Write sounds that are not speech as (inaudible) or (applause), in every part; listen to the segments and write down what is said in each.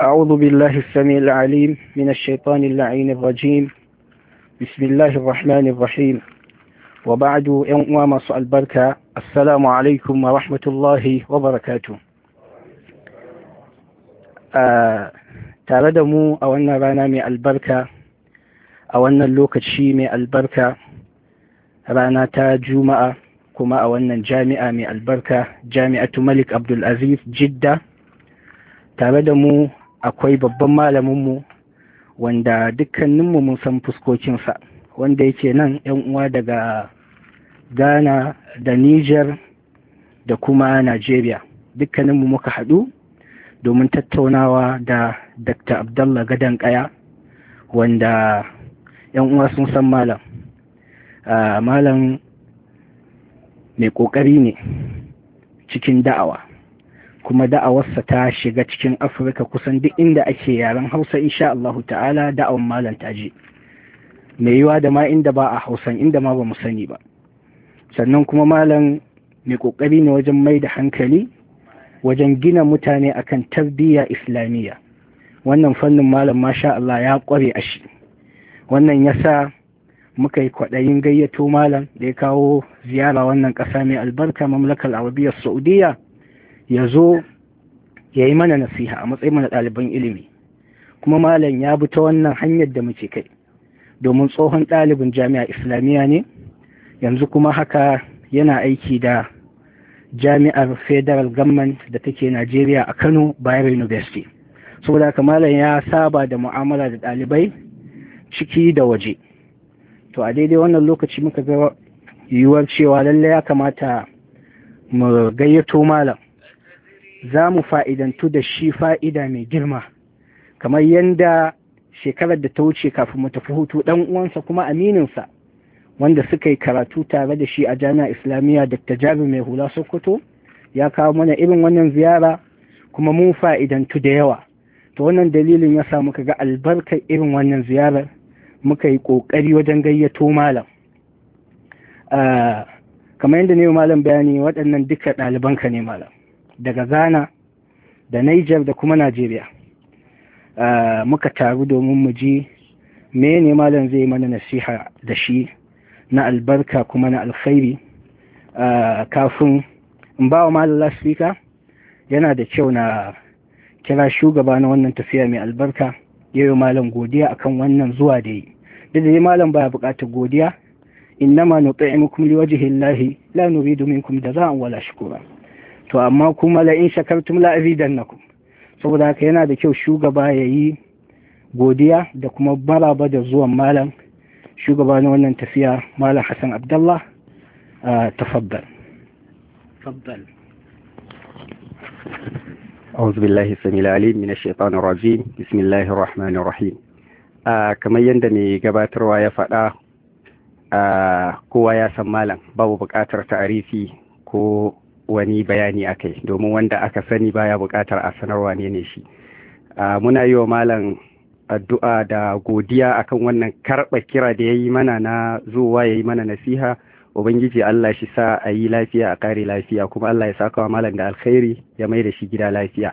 أعوذ بالله السميع العليم من الشيطان اللعين الرجيم بسم الله الرحمن الرحيم وبعد يوم البركة السلام عليكم ورحمة الله وبركاته tare آه، أو أن رانامي البركة أو أن albarka a wannan lokaci mai kuma a wannan jami'a mai albarka jami'atu malik abdulaziz jidda tare da mu akwai babban malaminmu wanda dukkaninmu mun san fuskokinsa wanda yake nan 'yan uwa daga ghana da niger da kuma nigeria dukkaninmu muka haɗu domin tattaunawa da dr abdallah gadon kaya wanda 'yan uwa sun san malam ah, malam mai ƙoƙari ne cikin da'awa kuma da'awarsa ta shiga cikin afirka kusan duk inda ake yaren hausa insha Allah ta'ala da'awar malam taji mai yiwa da ma inda ba a hausan inda ma ba mu sani ba sannan kuma malam mai ƙoƙari ne wajen mai da hankali wajen gina mutane akan tarbiyya islamiyya wannan fannin malam masha Allah ya ƙware a shi wannan ya sa muka yi kwaɗayin gayyato malam da ya kawo ziyara wannan ƙasa mai albarka mamlakar arabiyyar Sa'udiyya ya zo ya yi mana nasiha a matsayin mana ɗaliban ilimi kuma malam ya bi ta wannan hanyar da muke kai domin tsohon ɗalibin jami'a islamiyya ne yanzu kuma haka yana aiki da jami'ar federal government da take najeriya a kano bayero university saboda haka malam ya saba da mu'amala da ɗalibai ciki da waje to a daidai wannan lokaci muka ga yiwuwar cewa lallai ya kamata mu gayyato malam za mu fa'idantu da shi fa'ida mai girma kamar yadda shekarar da ta wuce kafin mu tafi hutu ɗan uwansa kuma amininsa wanda suka yi karatu tare da shi a jami'a islamiyya ta jabi mai hula sokoto ya kawo mana irin wannan ziyara kuma mun fa'idantu da yawa to wannan dalilin ya sa muka ga albarkar irin wannan ziyarar muka yi ƙoƙari wajen gayyato malam kamar yadda ne malam bayani waɗannan duka ɗalibanka ne malam daga ghana da niger da kuma najeriya muka taru domin mu ji me ne malam zai mana nasiha da shi na albarka kuma na alkhairi kafin in ba wa malam last yana da kyau na kira shugaba na wannan tafiya mai albarka ya yi malam godiya akan wannan zuwa da yi da da malam baya buƙatar godiya innama nut'imukum liwajhi llahi la nuridu za jaza'an wala shukura to amma kuma la in shakartum la azidannakum saboda haka yana da kyau shugaba ya yi godiya da kuma maraba da zuwan malam shugaba na wannan tafiya malam Hassan Abdullah ah, tafaddal tafaddal أعوذ بالله السميع العليم من الشيطان الرجيم بسم الله الرحمن الرحيم kamar yadda mai gabatarwa ya faɗa ah, kowa ya san malam babu buƙatar ta'arifi ko wani bayani akai domin wanda aka sani baya buƙatar a sanarwa ne ne shi ah, muna yi wa malam addu'a da godiya akan wannan karɓa kira da ya yi mana na zuwa ya yi mana nasiha ubangiji Allah shi sa a yi lafiya a kare lafiya kuma Allah ya saka wa malam da alkhairi ya mai da shi gida lafiya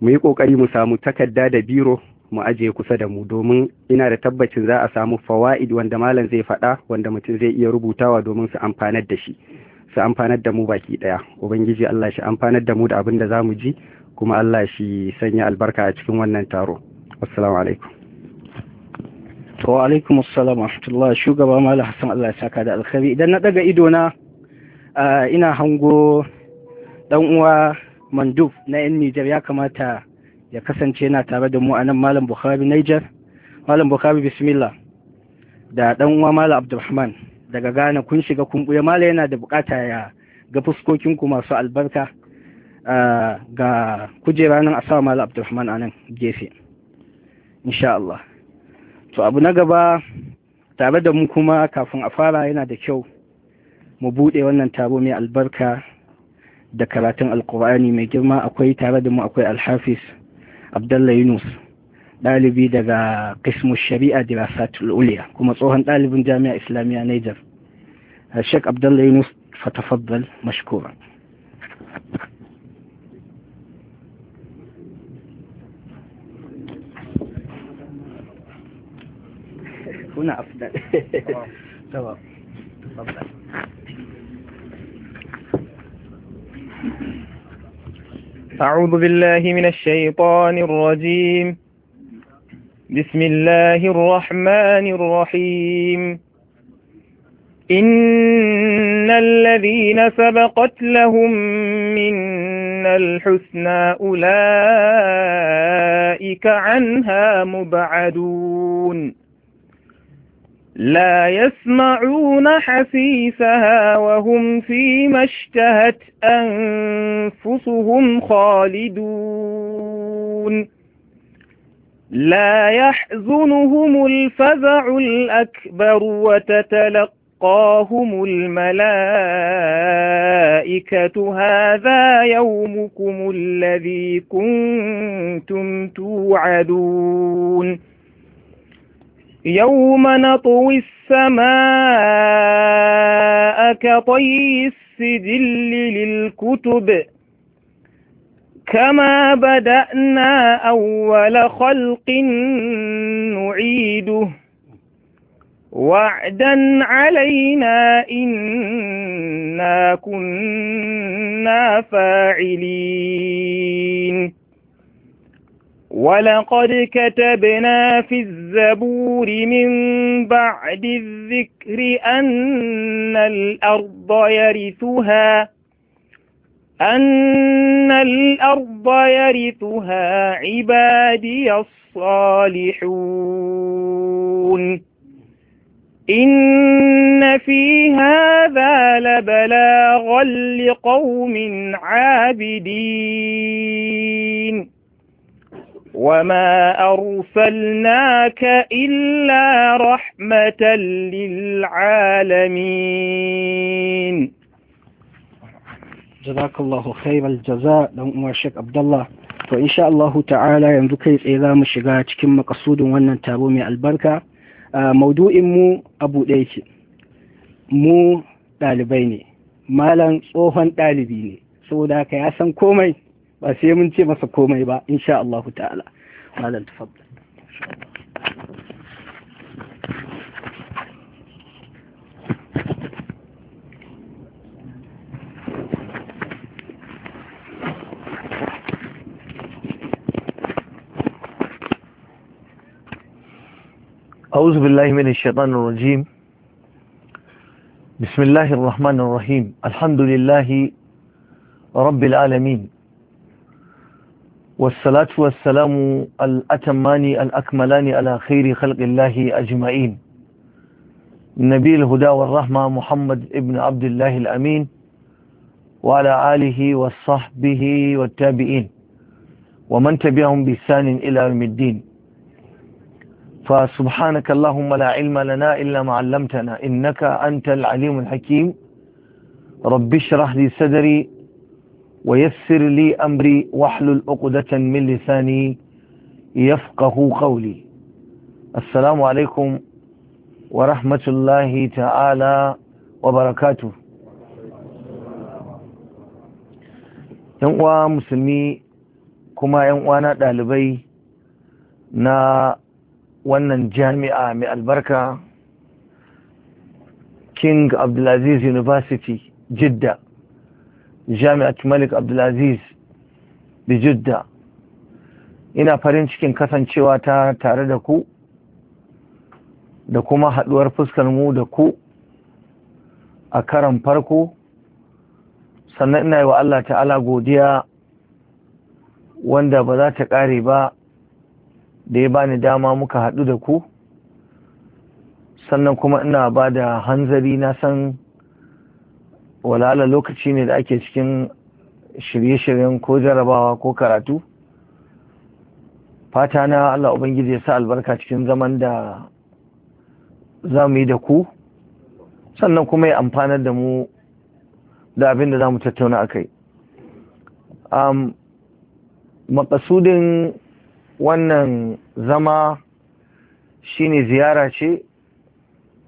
mu yi kokari mu samu takarda da biro mu ajiye kusa da mu domin ina da tabbacin za a samu fawaid wanda malam zai faɗa wanda mutum zai iya rubutawa domin su amfanar da shi su amfanar da mu baki ɗaya ubangiji Allah shi amfanar da mu da abin da za mu ji kuma Allah shi sanya albarka a cikin wannan taro assalamu alaikum to wa alaikum assalam rahmatullah shugaba mala hassan Allah ya saka da alkhairi idan na daga ido na ina hango dan uwa manduf na yan Nijar ya kamata ya kasance yana tare da mu a nan malam Bukhari Niger malam Bukhari bismillah da dan uwa malam Abdulrahman daga Ghana kun shiga kun buya malam yana da bukata ya ga fuskokin ku masu albarka ga kujera nan a sa malam Abdulrahman a nan gefe insha Allah to abu na gaba tare da mu kuma kafin a fara yana da kyau mu buɗe wannan taro mai albarka da karatun alkur'ani mai girma akwai tare da mu akwai alhafis abdalla yunus ɗalibi daga kismu shari'a dirasatul uliya kuma tsohon ɗalibin jami'a islamiyya niger shek abdalla yunus fatafadal mashkura يكون أفضل (laughs) تمام تفضل أعوذ بالله من الشيطان الرجيم بسم الله الرحمن الرحيم إن الذين سبقت لهم منا الحسنى أولئك عنها مبعدون لا يسمعون حسيسها وهم فيما اشتهت أنفسهم خالدون لا يحزنهم الفزع الأكبر وتتلقاهم الملائكة هذا يومكم الذي كنتم توعدون يوم نطوي السماء كطي السجل للكتب كما بدأنا أول خلق نعيده وعدا علينا إنا كنا فاعلين ولقد كتبنا في الزبور من بعد الذكر أن الأرض يرثها أن الأرض يرثها عبادي الصالحون إن في هذا لبلاغا لقوم عابدين وما أرسلناك إلا رحمة للعالمين جزاك الله خير الجزاء ɗan uwa shek abdullah to insha Allahu ta'ala yanzu kai tsaye za mu shiga cikin makasudin wannan taro mai albarka maudu'in mu abu ɗaya ce mu ɗalibai ne malam tsohon ɗalibi ne saboda ka ya san komai ba sai mun ce masa komai ba insha Allah ta'ala malam tafaddal أعوذ بالله من الشيطان الرجيم بسم الله الرحمن الرحيم الحمد لله رب العالمين والصلاة والسلام الأتمان الأكملان على خير خلق الله أجمعين نبي الهدى والرحمة محمد ابن عبد الله الأمين وعلى آله وصحبه والتابعين ومن تبعهم بسان إلى يوم الدين فسبحانك اللهم لا علم لنا إلا ما علمتنا إنك أنت العليم الحكيم رب اشرح لي صدري ويسر لي أمري واحلل عقدة من لساني يفقه قولي السلام عليكم ورحمة الله تعالى وبركاته uwa musulmi kuma uwana ɗalibai na wannan jami'a mai albarka king abdulaziz university jidda jami'at malik abdulaziz da ina farin cikin kasancewa ta tare da ku da kuma haɗuwar fuskar mu da ku a karan farko sannan ina yi wa Allah ta'ala godiya wanda ba za ta ƙare ba da ya bani dama muka haɗu da ku sannan kuma ina ba da hanzari na san walala lokaci ne da ake cikin shirye-shiryen ko jarabawa ko karatu fata na Allah Ubangiji ya sa albarka cikin zaman da za mu yi da ku sannan kuma ya amfanar da mu da abin da za mu tattauna a kai makasudin wannan zama shine ziyara ce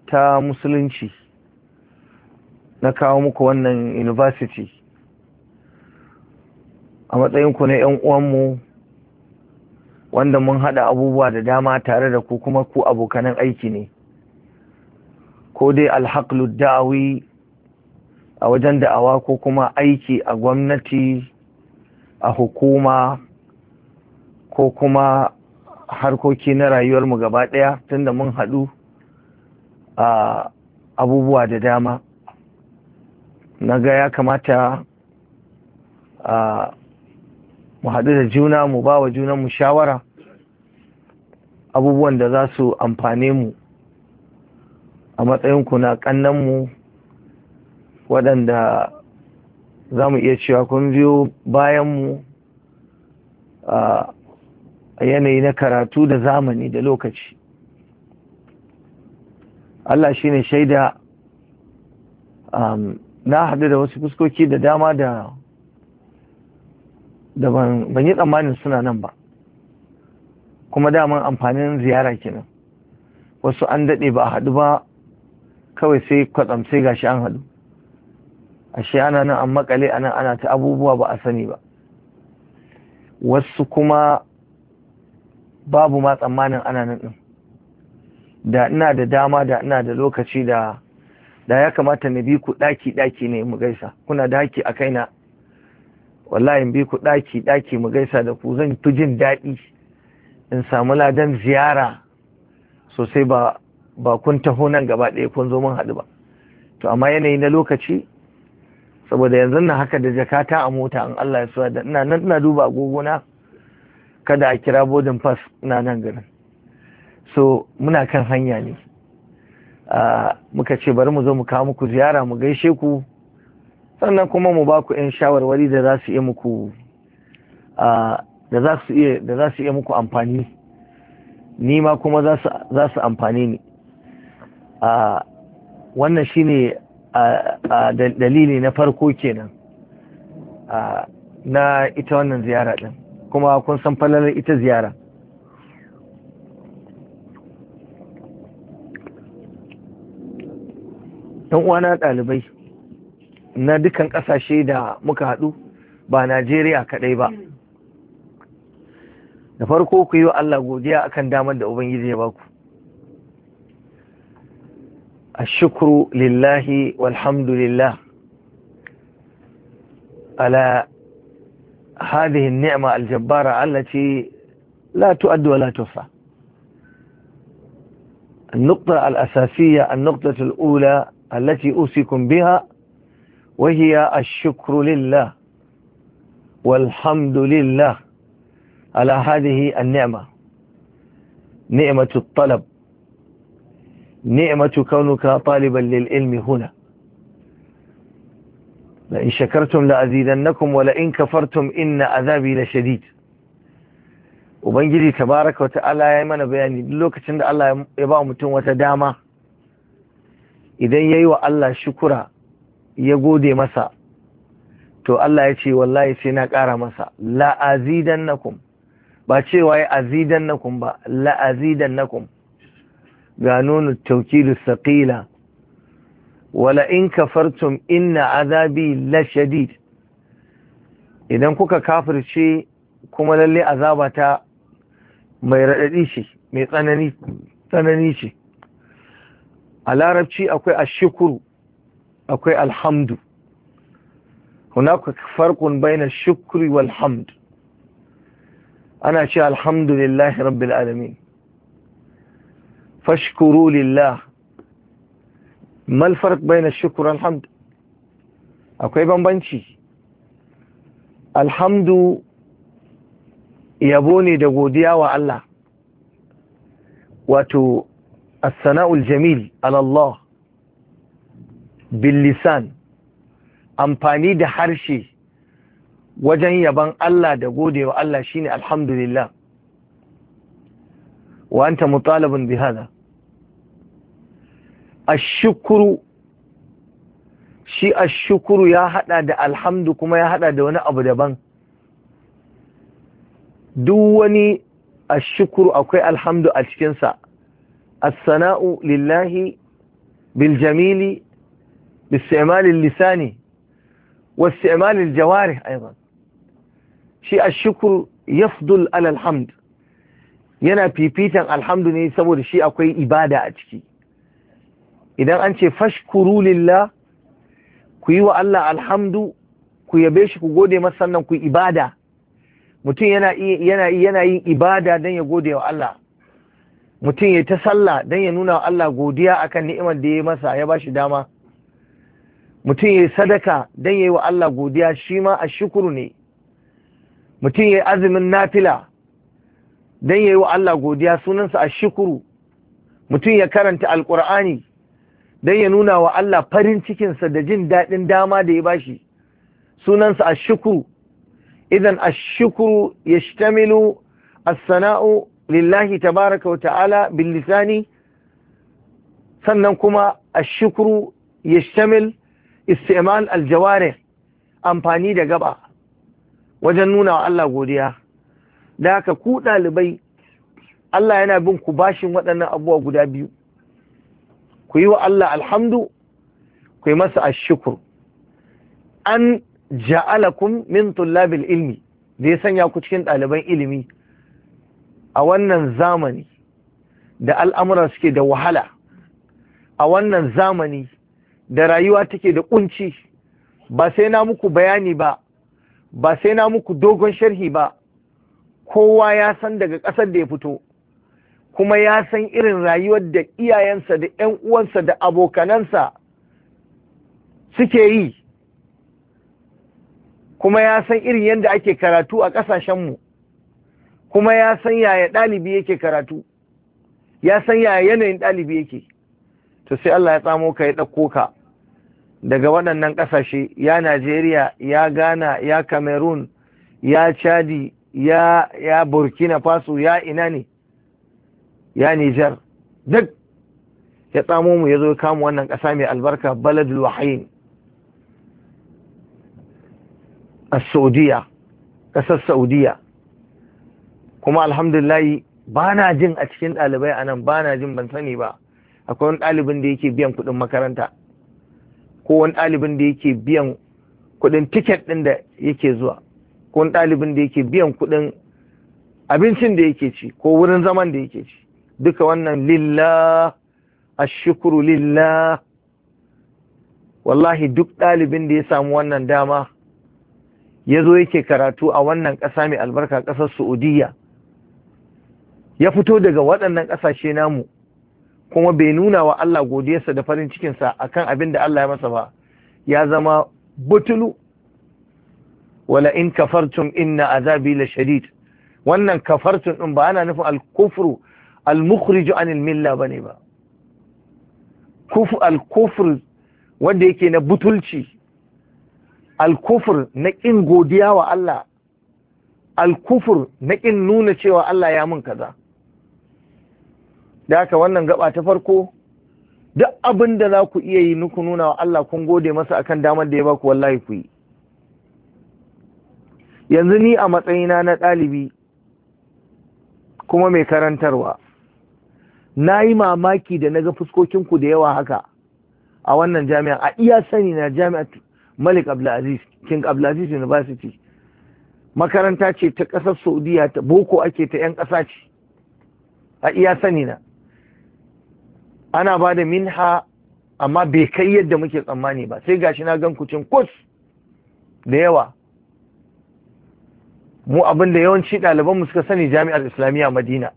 ta musulunci na kawo muku wannan university a matsayinku na 'yan uwanmu wanda mun haɗa abubuwa da dama tare da ku kuma ku abokanan aiki ne ko dai alhaqlu da'awi a wajen da'awa ko kuma aiki a gwamnati a hukuma ko kuma harkoki na rayuwarmu gaba ɗaya tunda mun haɗu a abubuwa da dama na ga ya kamata a mu haɗu da juna mu ba wa mu shawara abubuwan da za su amfane mu a matsayin matsayinku na mu waɗanda za mu iya cewa kun biyo bayanmu a yanayi na karatu da zamani da lokaci Allah shi ne shaida um, na haɗu da wasu fuskoki da dama da ban yi tsammanin suna nan ba kuma daman amfanin ziyara kenan wasu an daɗe ba a haɗu ba kawai sai kwatsam sai gashi an haɗu ashe ana nan an makale ana ana ta abubuwa ba a sani ba wasu kuma babu ma tsammanin ana nan ɗin da ina da dama da ina da lokaci da da ya kamata na bi ku ɗaki ɗaki ne mu gaisa kuna da a kaina wallahi in bi ku ɗaki ɗaki mu gaisa da ku zan fi jin daɗi in samu ladan ziyara sosai ba ba kun taho nan gaba ɗaya kun zo mun haɗu ba to amma yanayi na lokaci saboda yanzu na haka da jakata a mota in Allah ya so da ina nan ina duba agogona kada a kira bodin pass ina nan garin so muna kan hanya ne muka ce bari mu zo mu kawo muku ziyara mu gaishe ku sannan kuma mu ba ku 'yan shawarwari da za su iya muku da za su iya muku amfani ni ma kuma za su amfani ni wannan shi shine dalili na farko kenan na ita wannan ziyara din kuma kun san falalar ita ziyara ɗan uwana dalibai na dukan kasashe da muka hadu ba Najeriya kadai ba da farko ku yi wa Allah godiya akan damar da Ubangiji ya baku ashukru lillahi walhamdulillah ala hadhihi an'ama النعمة allati la لا wa la تحصى النقطة الأساسية النقطة الأولى التي أوصيكم بها وهي الشكر لله والحمد لله على هذه النعمة نعمة الطلب نعمة كونك طالبا للعلم هنا لئن شكرتم لأزيدنكم ولئن كفرتم إن عذابي لشديد وبنجلي تبارك وتعالى ta'ala ya yi mana bayani duk lokacin da idan ya wa Allah shukura ya gode masa to Allah ya ce wallahi sai na kara masa la'azidan nakum ba cewa ya azidan nakum ba la'azidan nakum ga nunu taukidu saƙila wala in kafartum inna azabi la shadid idan kuka kafirce kuma lalle azabata mai raɗaɗi ce mai tsanani tsanani ce a larabci akwai ashukuru akwai alhamdu hunaka farqun baina shukri wal hamd ana ce alhamdulillahi rabbil alamin fashkuru lillah ما الفرق بين الشكر والحمد akwai bambanci alhamdu yabo ne da godiya wa Allah wato الثناء الجميل على الله باللسان amfani da harshe wajen yaban Allah da godewa Allah shine alhamdulillah wa anta mutalabun bi hada ashkuru shi ashukuru ya hada da alhamdu kuma ya hada da wani abu daban duk wani shukuru akwai alhamdu a cikinsa الثناء لله بالجميل باستعمال اللسان واستعمال الجوارح أيضا شيء الشكر يفضل على الحمد ينا في بيتا الحمد نيسبو الشيء أكوي إبادة أجكي إذا أنت فاشكروا لله كيو الله الحمد كي يبيش كي مثلا كي إبادة متين ينا ينا ينا إبادة دن يقودي الله mutum ya ta sallah don ya nuna Allah godiya akan ni'imar da ya yi masa ya shi dama mutum ya sadaka don ya yi wa Allah godiya shi ma a shukuru ne mutum ya azumin nafila don ya yi wa Allah godiya sunansa a shukuru mutum ya karanta alkur'ani don ya nuna wa Allah farin cikinsa da jin daɗin dama da ya bashi sunansa a shukuru idan a shukuru ya shtamilu a sanau lillahi tabaraka wa ta'ala lisani sannan kuma ashukru Yashamil, istimal aljawarih amfani da gaba wajen nuna wa Allah godiya da haka ku ɗalibai Allah yana bin ku bashin waɗannan abubuwa guda biyu ku yi wa Allah alhamdu ku yi masa ashukur an ja'alakum min tullabil ilmi da ya sanya ku cikin ɗaliban ilimi a wannan zamani da al'amura suke da wahala a wannan zamani da rayuwa take da kunci ba sai na muku bayani ba ba sai na muku dogon sharhi ba kowa ya san daga ƙasar da ya fito kuma ya san irin rayuwar da iyayensa da 'yan uwansa da abokanansa suke yi kuma ya san irin yadda ake karatu a ƙasashenmu kuma ya san yaya ɗalibi yake karatu ya san yaya yanayin ɗalibi yake to sai Allah ya tsamo ka ya ɗauko ka daga waɗannan ƙasashe ya Najeriya ya Ghana ya Cameroon ya Chadi ya ya Burkina Faso ya ina ne ya Niger duk ya tsamo mu ya zo kama wannan ƙasa mai albarka baladul wahayin a Saudiya ƙasar Saudiya kuma alhamdulillahi ba na jin a cikin ɗalibai a nan ba na jin ban sani ba akwai wani ɗalibin da yake biyan kuɗin makaranta ko wani ɗalibin da yake biyan kuɗin tiket ɗin da yake zuwa ko wani ɗalibin da yake biyan kuɗin abincin da yake ci ko wurin zaman da yake ci duka wannan lillah ashukuru lillah wallahi duk ɗalibin da ya samu wannan dama ya zo yake karatu a wannan ƙasa mai albarka ƙasar Su'udiyya ya fito daga waɗannan ƙasashe namu kuma bai nuna wa Allah godiyarsa da farin cikinsa a kan abin da Allah ya masa ba ya zama butulu wala in kafartum inna azabi la shadid wannan kafartum ɗin ba ana nufin al-kufru al-mukhrij an milla bane ba kuf al-kufr wanda yake na butulci al-kufr na kin godiya wa Allah al-kufr na kin nuna cewa Allah ya mun kaza da haka wannan gaba ta farko duk abin da za ku iya yi nuku nuna wa Allah kun gode masa akan damar da ya baku wallahi ku yi yanzu ni a matsayina na ɗalibi kuma mai karantarwa na yi mamaki da na ga fuskokinku da yawa haka a wannan jami'a a iya sani na jami'ar malik abdulaziz king abdulaziz university makaranta ce ta ƙasar saudiya ta boko ake ta 'yan ƙasa ce a iya sani na ana ba da minha amma bai kai yadda muke tsammani ba sai gashi na gan kucin kus da yawa mu abin da yawanci ɗalibanmu suka sani jami'ar islamiyya madina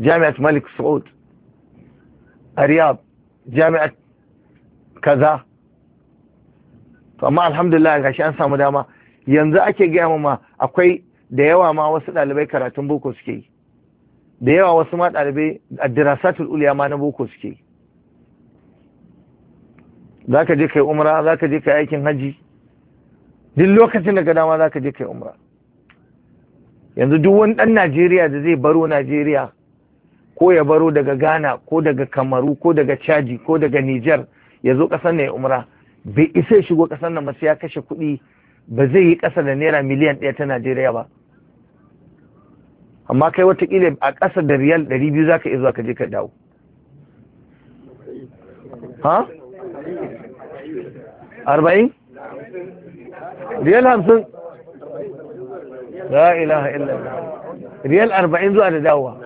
jami'ar malik saud ariyab jami'at jami'ar kaza to amma alhamdulillah gashi an samu dama yanzu ake gaya ma akwai da yawa ma wasu ɗalibai karatun boko suke yi da yawa wasu ma ɗalibai a dirasatul uliya ma na boko suke za ka je kai umra za ka je kai aikin haji duk lokacin daga dama za ka je kai umra yanzu duk wani ɗan najeriya da zai baro najeriya ko ya baro daga ghana ko daga kamaru ko daga chadi ko daga niger ya zo ƙasar na ya umra bai isa ya shigo ƙasar na masu ya kashe kuɗi ba zai yi ƙasa da naira miliyan ɗaya ta najeriya ba amma kai watakila a ƙasa da riyal 200 za ka iya zuwa ka je ka dawo ha? arba'in? riyal hamsin? la ilaha illallah riyal arba'in zuwa da dawowa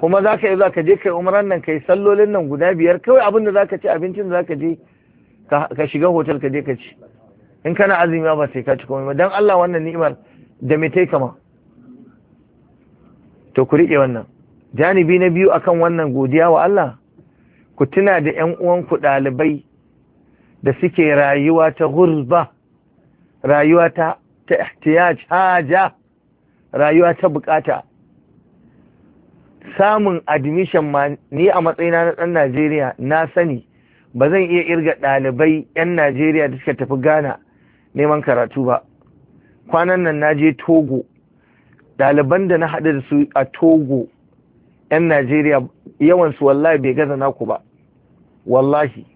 kuma za ka iya zuwa ka je kai umaran nan kai sallolin nan guda biyar kawai abinda za ka ci abincin da za ka je ka shiga hotel ka je ka ci in kana azumi ba sai ka ci komai ba don Allah wannan ni'imar da me tai kama to ku riƙe wannan janibi na biyu akan wannan godiya wa Allah ku tuna da ƴan uwanku ɗalibai da suke rayuwa ta gurba rayuwa ta ta ihtiyaj haja rayuwa ta bukata samun admission ma ni a matsayina na ɗan Najeriya na sani ba zan iya irga ɗalibai ƴan Najeriya da suka tafi Ghana neman karatu ba kwanan nan na je Togo ɗaliban da na haɗu da su a togo 'yan najeriya yawansu wallahi bai gaza naku ba wallahi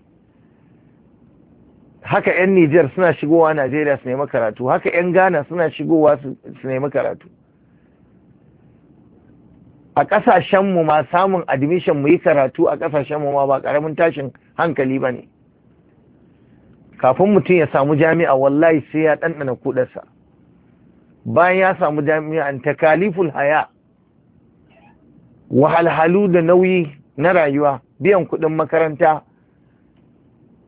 haka 'yan nijar suna shigowa najeriya su nemi karatu haka 'yan ghana suna shigowa su nemi karatu a ƙasashenmu ma samun admission mu yi karatu a ƙasashenmu ma ba ƙaramin tashin hankali ba ne kafin mutum ya samu jami'a wallahi sai ya ɗanɗana kuɗarsa bayan ya samu jami'an takaliful haya wahalhalu da nauyi na rayuwa biyan kuɗin makaranta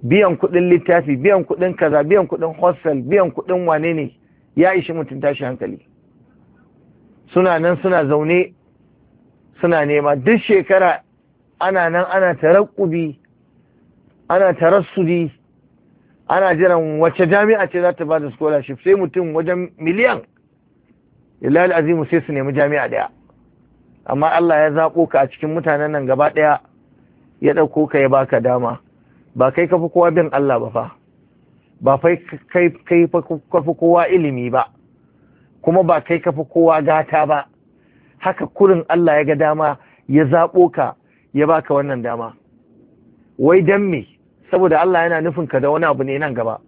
biyan kuɗin littafi biyan kuɗin kaza biyan kuɗin hostel biyan kuɗin wane ne ya ishi mutum tashi hankali suna nan suna zaune suna nema duk shekara ana nan ana tarakubi ana tarassudi ana jiran wacce jami'a ce za ta ba da scholarship sai mutum wajen miliyan lillahi azimu sai su nemi jami'a ɗaya. amma Allah ya zaƙo ka a cikin mutanen nan gaba ɗaya, ya ɗauko ka ya baka dama ba kai ka kowa bin Allah ba fa ba fai kai kowa ilimi ba kuma ba kai ka kowa gata ba haka kurin Allah ya ga dama ya zaɓo ka ya baka wannan dama wai don me saboda Allah yana nufin ka da wani abu ne nan gaba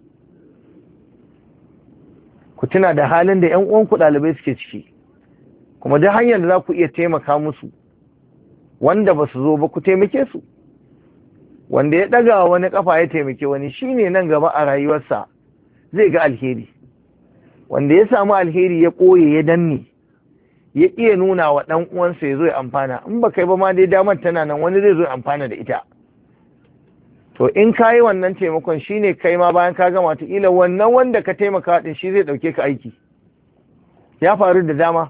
ku tuna da halin da yan uwanku ɗalibai suke ciki kuma duk hanyar da za ku iya taimaka musu wanda ba su zo ba ku taimake su wanda ya ɗaga wani ƙafa ya taimake wani shine nan gaba a rayuwarsa zai ga alheri wanda ya samu alheri ya ƙoye ya danne ya iya nuna wa ɗan uwansa ya zo ya amfana in ba kai ba ma dai damar tana nan wani zai zo ya amfana da ita to in ka yi wannan taimakon shi ne kai ma bayan ka gama ila wannan wanda ka taimaka din shi zai ɗauke ka aiki ya faru da dama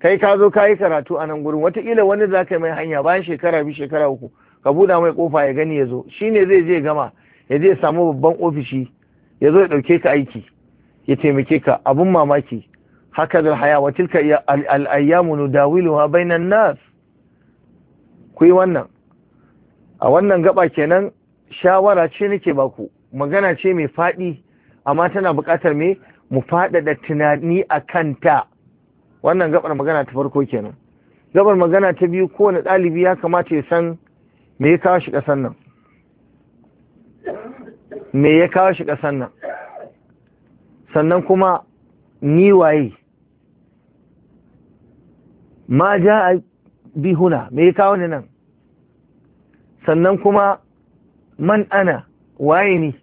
kai ka zo ka yi karatu a nan gurin wataƙila wani za ka mai hanya bayan shekara biyu shekara uku ka buɗa mai ƙofa ya gani ya zo shi ne zai je gama ya je samu babban ofishi ya zo ya ɗauke ka aiki ya taimake ka abun mamaki haka zai haya wa tilka al-ayyamu nudawiluha bainan nas ku yi wannan a wannan gaba kenan shawara ce nake baku magana ce mai faɗi amma tana buƙatar me mu faɗaɗa tunani a kanta wannan gabar magana ta farko kenan gabar magana ta biyu kowane ɗalibi ya kamata ya san me ya kawo shi ƙasar nan me ya kawo shi ƙasar nan sannan kuma ni waye ma ja a bihuna me ya kawo ni nan sannan kuma man ana waye ni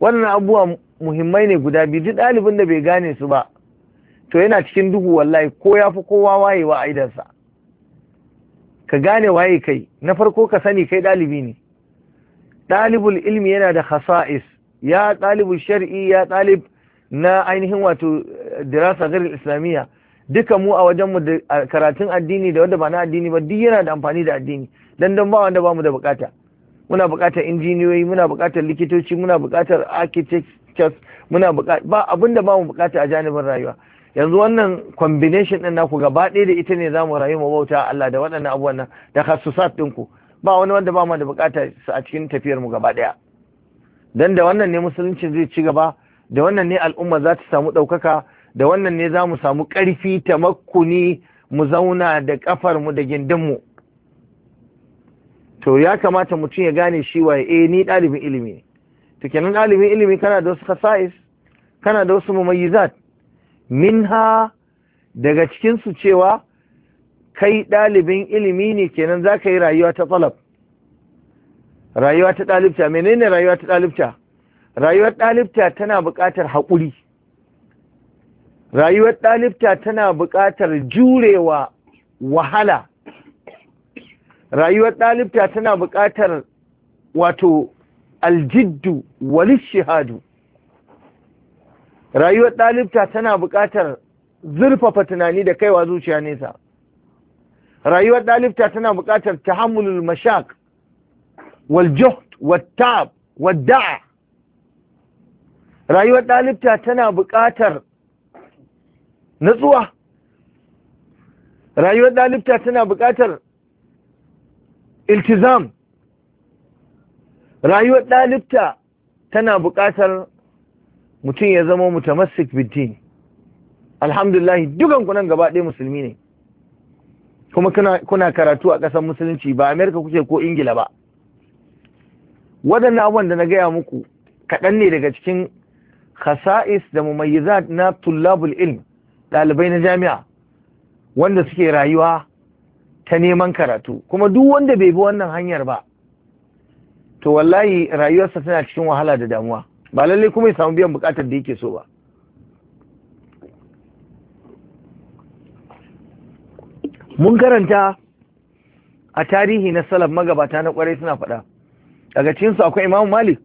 wannan abubuwa muhimmai ne guda biyu duk ɗalibin da bai gane su ba to yana cikin duhu wallahi ko ya fi kowa wayewa a idansa ka gane waye kai na farko ka sani kai ɗalibi ne ɗalibul ilmi yana da khasa'is ya ɗalibul shar'i ya ɗalib na ainihin wato eh, dirasa gari islamiyya duka mu a wajenmu da karatun addini da wanda ba na addini ba duk yana da amfani da addini dan don ba wanda ba mu da bukata muna bukatar injiniyoyi muna bukatar likitoci muna bukatar architects muna bukatar ba abin da ba mu bukata a janibin rayuwa yanzu wannan combination din naku gaba ɗaya da ita ne za mu rayu mu bauta Allah da waɗannan abubuwan nan da khasusat ɗinku ba wani wanda ba mu da bukata su a cikin tafiyar mu gaba ɗaya dan da wannan ne musulunci zai ci gaba da wannan ne al'umma za ta samu ɗaukaka da wannan ne za mu samu ƙarfi tamakkuni mu zauna da ƙafar mu da gindin mu to ya kamata mutum ya gane shi wa, eh ni dalibin ilimi ne to kenan dalibin ilimi kana da wasu khasa'is kana da wasu mumayyizat minha daga cikin su cewa kai dalibin ilimi ne kenan za ka yi rayuwa ta tsalab rayuwa ta ɗalibta menene rayuwa ta ɗalibta rayuwar ɗalibta tana buƙatar haƙuri rayuwar ɗalibta tana buƙatar jurewa wahala rayuwar ɗalibta tana buƙatar wato aljiddu walis shihadu rayuwar ɗalibta tana buƙatar zurfafa tunani da kaiwa zuciya nesa rayuwar ɗalibta tana buƙatar tahammulul mashaq wal juhd wat tab wad da'a rayuwar ɗalibta tana buƙatar natsuwa rayuwar ɗalibta tana buƙatar iltizam rayuwar ɗalibta tana buƙatar mutum ya zama mutamassik biddin alhamdulahi dukan kunan gaba ɗaya musulmi ne kuma kuna karatu a ƙasar musulunci ba amerika kuke ko ingila ba waɗannan abubuwan da na gaya muku kaɗan ne daga cikin khasa'is da mumayyizat na tullabul ilm ɗalibai na jami'a wanda suke rayuwa ta neman karatu kuma duk wanda bai bi wannan hanyar ba to wallahi rayuwarsa tana cikin wahala da damuwa ba lalle kuma ya samu biyan bukatar da yake so ba mun karanta a tarihi na salaf magabata na kwarai suna faɗa daga cikin su akwai imamu malik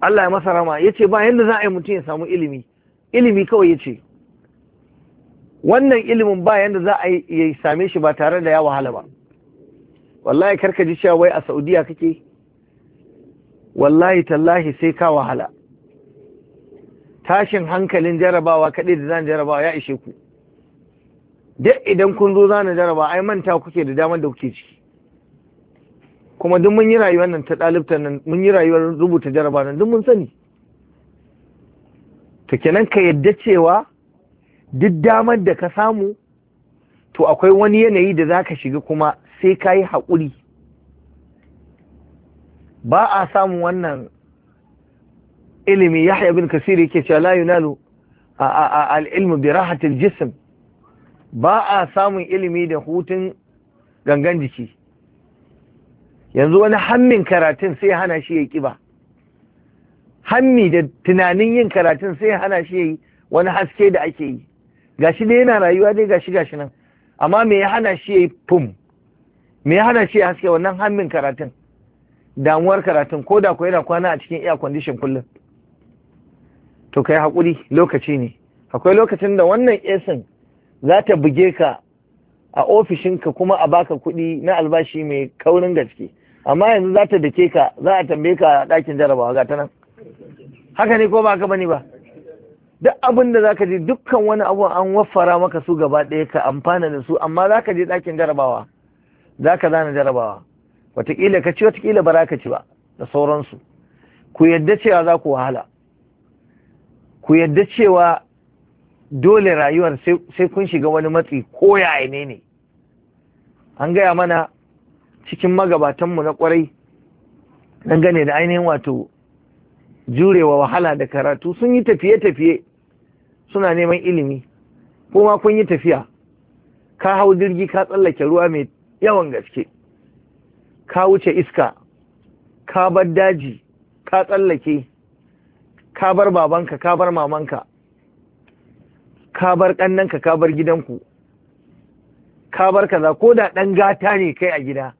Allah ya masa rama ya ce ba yadda za a yi mutum ya samu ilimi ilimi kawai yace wannan ilimin ba yadda za a yi same shi ba tare da ya wahala ba wallahi karka ji cewa wai a saudiya kake wallahi tallahi sai ka wahala tashin hankalin jarabawa kaɗai da zan jarabawa ya ishe ku duk idan kun zo zana jaraba ai manta kuke da damar da kuke ciki kuma duk mun yi rayuwar nan ta ɗalibtar nan mun yi rayuwar rubuta jaraba nan duk mun sani ta kenan ka yadda cewa duk damar da ka samu to akwai wani yanayi da za ka shiga kuma sai ka yi haƙuri ba a samun wannan ilimi yahya bin kasiri yake cewa la yunalu al-ilmu bi rahatil jism ba a samun ilimi da hutun gangan jiki yanzu wani hammin karatun sai hana shi ya ƙiba hammi da tunanin yin karatun sai hana shi ya yi wani haske da ake yi gashi dai yana rayuwa dai gashi gashi nan amma me ya hana shi ya yi fum me ya hana shi ya haske wannan hammin karatun damuwar karatun ko da ko yana kwana a cikin air condition kullum to kai hakuri lokaci ne akwai lokacin da wannan esin za ta buge ka a ofishinka kuma a baka kuɗi na albashi mai kaurin gaske amma yanzu za ta dake ka za a tambaye ka a ɗakin jarabawa ga ta nan haka ne ko ba haka bane ba duk abin da zaka je dukkan wani abu an waffara maka su gaba ɗaya ka amfana da su amma zaka je ɗakin jarabawa zaka zana jarabawa wataƙila ka ci wataƙila ba zaka ka ci ba da sauransu ku yadda cewa za ku wahala ku yadda cewa dole rayuwar sai kun shiga wani matsi ko ya ne ne an gaya mana cikin magabatanmu na kwarai dangane da ainihin wato jurewa wahala da karatu sun yi tafiye-tafiye suna neman ilimi ko ma kun yi tafiya ka hau jirgi ka tsallake ruwa mai yawan gaske ka wuce iska ka bar daji ka tsallake ka bar babanka ka bar mamanka ka bar ƙannanka ka bar gidanku ka bar kaza ko da ɗan gata ne kai a gida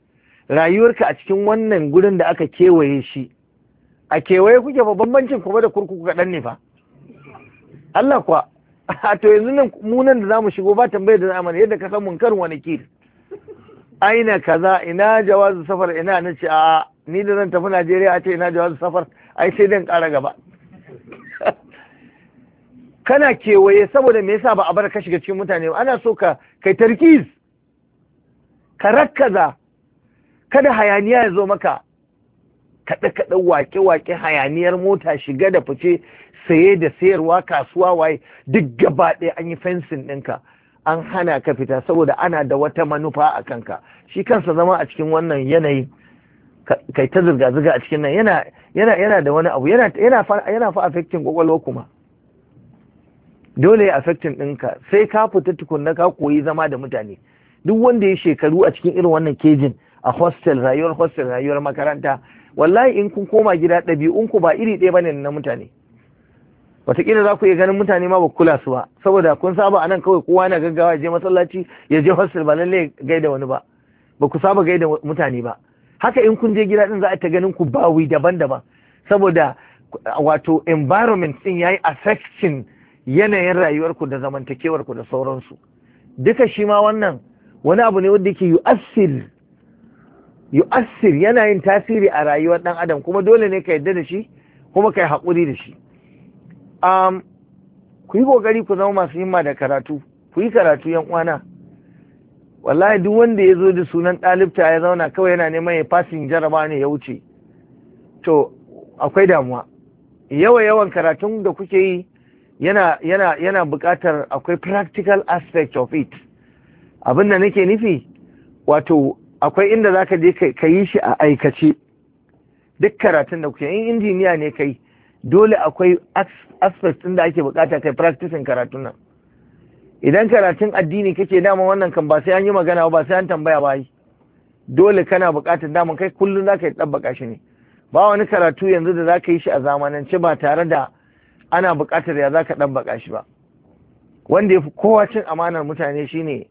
rayuwarka a cikin wannan gudun da aka kewaye shi a kewaye kuke babban bancin kuma da kurkuku kaɗan ne fa Allah kuwa (laughs) a to yanzu nan munan da zamu shigo ba tambayar da zamu yadda ka san kar wani nakir aina kaza ina jawazu safar ina nace a ni da zan tafi Najeriya a ce ina jawazu safar ai sai dan ƙara gaba (laughs) kana kewaye saboda me yasa ba a bar ka shiga cikin mutane ba ana so ka kai tarkiz ka rakkaza kada hayaniya ya zo maka kaɗe kaɗe wake wake hayaniyar mota shiga da fice saye da sayarwa kasuwa waye duk gaba ɗaya an yi fensin ɗinka an hana ka fita saboda ana da wata manufa a kanka shi kansa zama a cikin wannan yanayi kai ta zirga-zirga a cikin nan yana yana da wani abu yana yana fa yana fa affecting kwakwalwa kuma dole ya affecting ɗinka sai ka fita tukunna ka koyi zama da mutane duk wanda ya shekaru a cikin irin wannan kejin a hostel rayuwar hostel rayuwar makaranta wallahi in kun koma gida ɗabi'unku ba iri ɗaya bane na mutane wataƙila za ku iya ganin mutane ma ba kula su ba saboda kun saba anan kawai kowa na gaggawa ya je masallaci ya je hostel ba lalle gaida wani ba ba ku saba gaida mutane ba haka in kun je gida din za a ta ganin ku bawi daban-daban saboda wato environment din yayi affection yanayin rayuwarku da zamantakewarku da sauransu duka shi ma wannan wani abu ne wanda yake yu'assir yu'assir yana yin tasiri a rayuwar ɗan adam kuma dole ne ka yadda da shi kuma ka yi haƙuri da shi um, ku yi kokari ku zama masu himma da karatu ku yi karatu yan uwana wallahi duk wanda ya zo da sunan ɗalibta ya zauna kawai yana neman ya fasin jaraba ne ya wuce to akwai damuwa yawa yawan karatun da kuke yi yana yana yana buƙatar akwai practical aspect of it abin da nake nufi wato akwai inda za ka je ka yi shi a aikace duk karatun da kuke in injiniya ne kai dole akwai aspect ɗin da ake bukata kai practicing karatun nan idan karatun addini kake dama wannan kan ba sai an yi magana ba sai an tambaya ba dole kana bukatar dama kai kullum za ka yi ɗabbaka shi ne ba wani karatu yanzu da za ka yi shi a zamanance ba tare da ana bukatar ya za ka ɗabbaka shi ba wanda ya fi kowa cin amanar mutane shine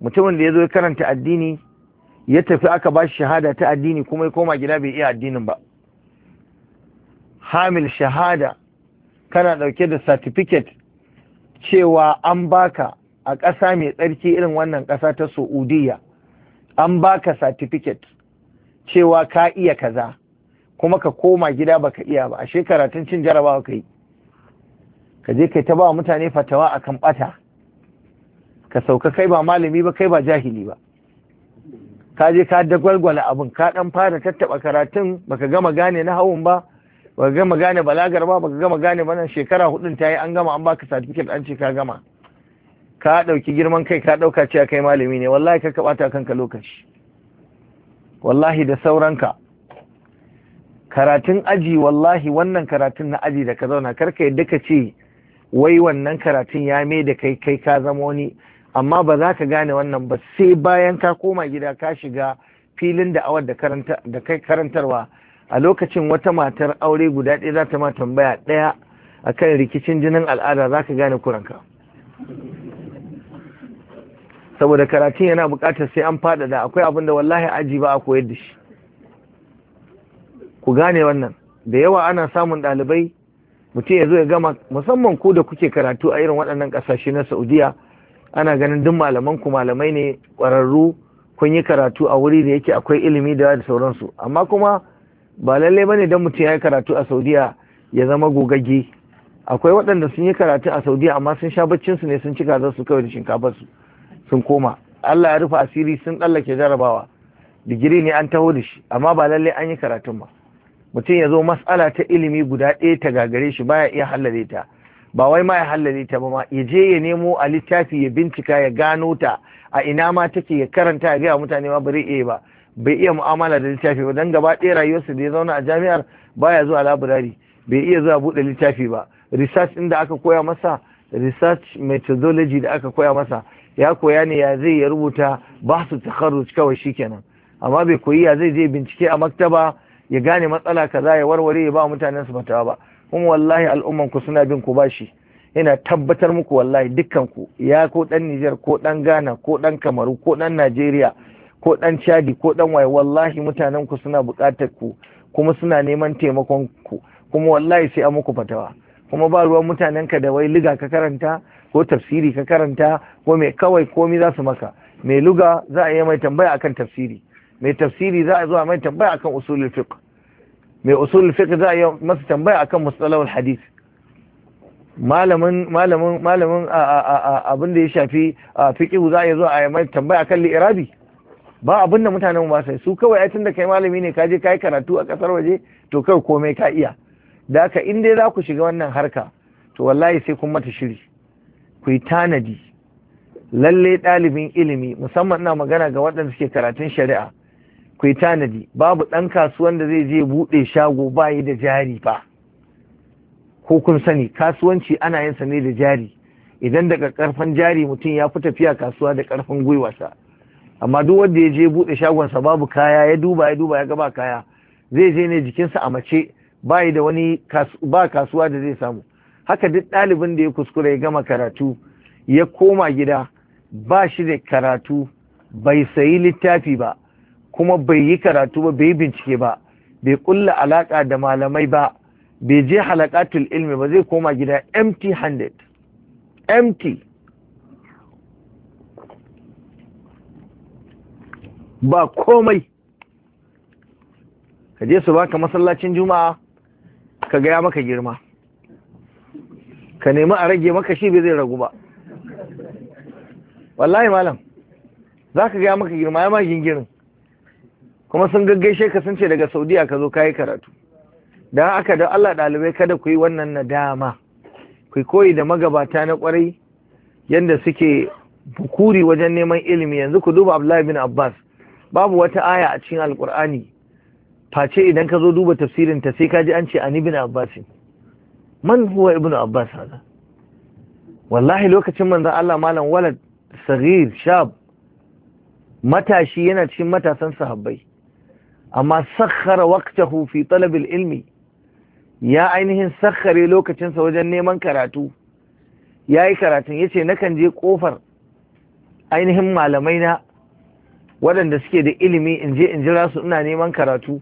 mutumin da ya zo ya karanta addini ya tafi aka ba shi shahada ta addini kuma ya koma gida bai iya addinin ba hamil shahada kana ɗauke da certificate cewa an baka a ƙasa mai tsarki irin wannan ƙasa ta Saudiya an baka certificate cewa ka iya kaza kuma ka koma gida baka iya ba a tun cin jarabawa kai ka je kai ta ba mutane fatawa akan ɓata. ka sauka kai ba malami ba kai ba jahili ba ka je ka dagwalgwala abin ka dan fara tattaba karatun baka gama gane na hawan ba ba gama gane balagar ba ba gama gane ba nan shekara hudun ta yi an gama an baka certificate an ce ka gama ka dauki girman kai ka dauka cewa kai malami ne wallahi ka ta kanka lokaci wallahi da sauranka karatun aji wallahi wannan karatun na aji da ka zauna karka yadda ka ce wai wannan karatun ya mai da kai kai ka zama wani amma ba za ka gane wannan ba sai bayan ka koma gida ka shiga filin da'awar da karantarwa a lokacin wata matar aure guda ɗaya za ta ma tambaya ɗaya a kan rikicin jinin al'ada za ka gane kuranka saboda karatun yana buƙatar sai an faɗaɗa akwai abin da wallahi aji ba a koyar da shi ku gane wannan da yawa ana samun ɗalibai mutum ya zo ya gama musamman ku da kuke karatu a irin waɗannan ƙasashe na saudiya ana ganin duk malaman ku malamai ne ƙwararru kun yi karatu a wuri da yake akwai ilimi da da sauransu amma kuma ba lalle bane dan mutum ya yi karatu a saudiya ya zama gogagge akwai waɗanda sun yi karatu a saudiya amma sun sha baccin su ne sun ci gazar su kawai da shinkafar su sun koma Allah ya rufe asiri sun tsallake jarabawa digiri ne an taho da shi amma ba lalle an yi karatun ba mutum ya zo mas'ala ta ilimi guda ɗaya ta gagare shi baya iya hallale ta ba wai ma ya hallale ta ba ma ya je ya nemo a littafi ya bincika ya gano ta a ina ma take ya karanta ya gaya mutane ma ba iya ba bai iya mu'amala da littafi ba dan gaba ɗaya rayuwarsa da ya zauna a jami'ar baya zuwa labirari bai iya zuwa buɗe littafi ba research ɗin da aka koya masa research methodology da aka koya masa ya koya ne ya zai ya rubuta ba su takharruj kawai shikenan amma bai koyi ya zai je bincike a maktaba ya gane matsala kaza ya warware ya ba mutanen su fatawa ba kuma wallahi al'umman ku suna bin ku bashi ina tabbatar muku wallahi dukkan ku ya ko dan Niger ko dan Ghana ko dan Kamaru ko dan Najeriya ko ɗan shadi ko ɗan waye wallahi mutanen ku suna buƙatar ku kuma suna neman taimakon ku kuma wallahi sai a muku fatawa kuma ba ruwan mutanen ka da wai liga ka karanta ko tafsiri ka karanta ko mai kawai komi za su maka mai luga za a yi mai tambaya akan tafsiri mai tafsiri za a zuwa mai tambaya akan usulul fiqh mai usulul fiqh za a yi masa tambaya akan mustalahul hadith malamin malamin malamin abin da ya shafi fiqh za a yi zuwa a yi mai tambaya akan li'irabi ba abin da mutanen ba sai su kawai ai tunda kai malami ne ka je kai karatu a kasar waje to kai komai ka iya da haka in dai za ku shiga wannan harka to wallahi sai kun mata shiri ku yi tanadi lalle ɗalibin ilimi musamman ina magana ga waɗanda suke karatun shari'a ku yi tanadi babu ɗan kasuwan da zai je buɗe shago yi da jari ba ko kun sani kasuwanci ana yin sa ne da jari idan daga karfan jari mutum ya fi tafiya kasuwa da karfin gwiwarsa amma duk wanda ya je buɗe shagonsa babu kaya ya duba ya duba ya ga ba kaya zai je ne jikinsa a mace ba da wani ba kasuwa da zai samu haka duk ɗalibin da ya kuskura ya gama karatu ya koma gida ba shi da karatu bai sayi littafi ba kuma bai yi karatu ba bai bincike ba bai kulla alaka da malamai ba bai je halakatul ilmi ba zai koma gida empty handed empty ba komai ka je su baka masallacin juma'a ka gaya maka girma ka nemi a rage maka shi bai zai ragu ba wallahi malam za ka gaya maka girma ya ma gingirin kuma sun gaggaishe ka sun ce daga saudiya ka zo kayi karatu da aka da allah ɗalibai kada ku yi wannan nadama ku koyi da magabata na kwarai yadda suke bukuri wajen neman ilimi yanzu ku duba abdullahi bin abbas babu wata aya a cikin alkur'ani face idan ka zo duba tafsirin ta sai ka ji an ce an ibn abbas man huwa ibn abbas hada wallahi lokacin manzan Allah malam walad saghir shab matashi yana cikin matasan sahabbai amma sakhara waqtahu fi talab ilmi ya ainihin sakhare lokacinsa wajen neman karatu yayi karatun yace nakan je kofar ainihin malamai na waɗanda suke da ilimi in je in jira su ina neman karatu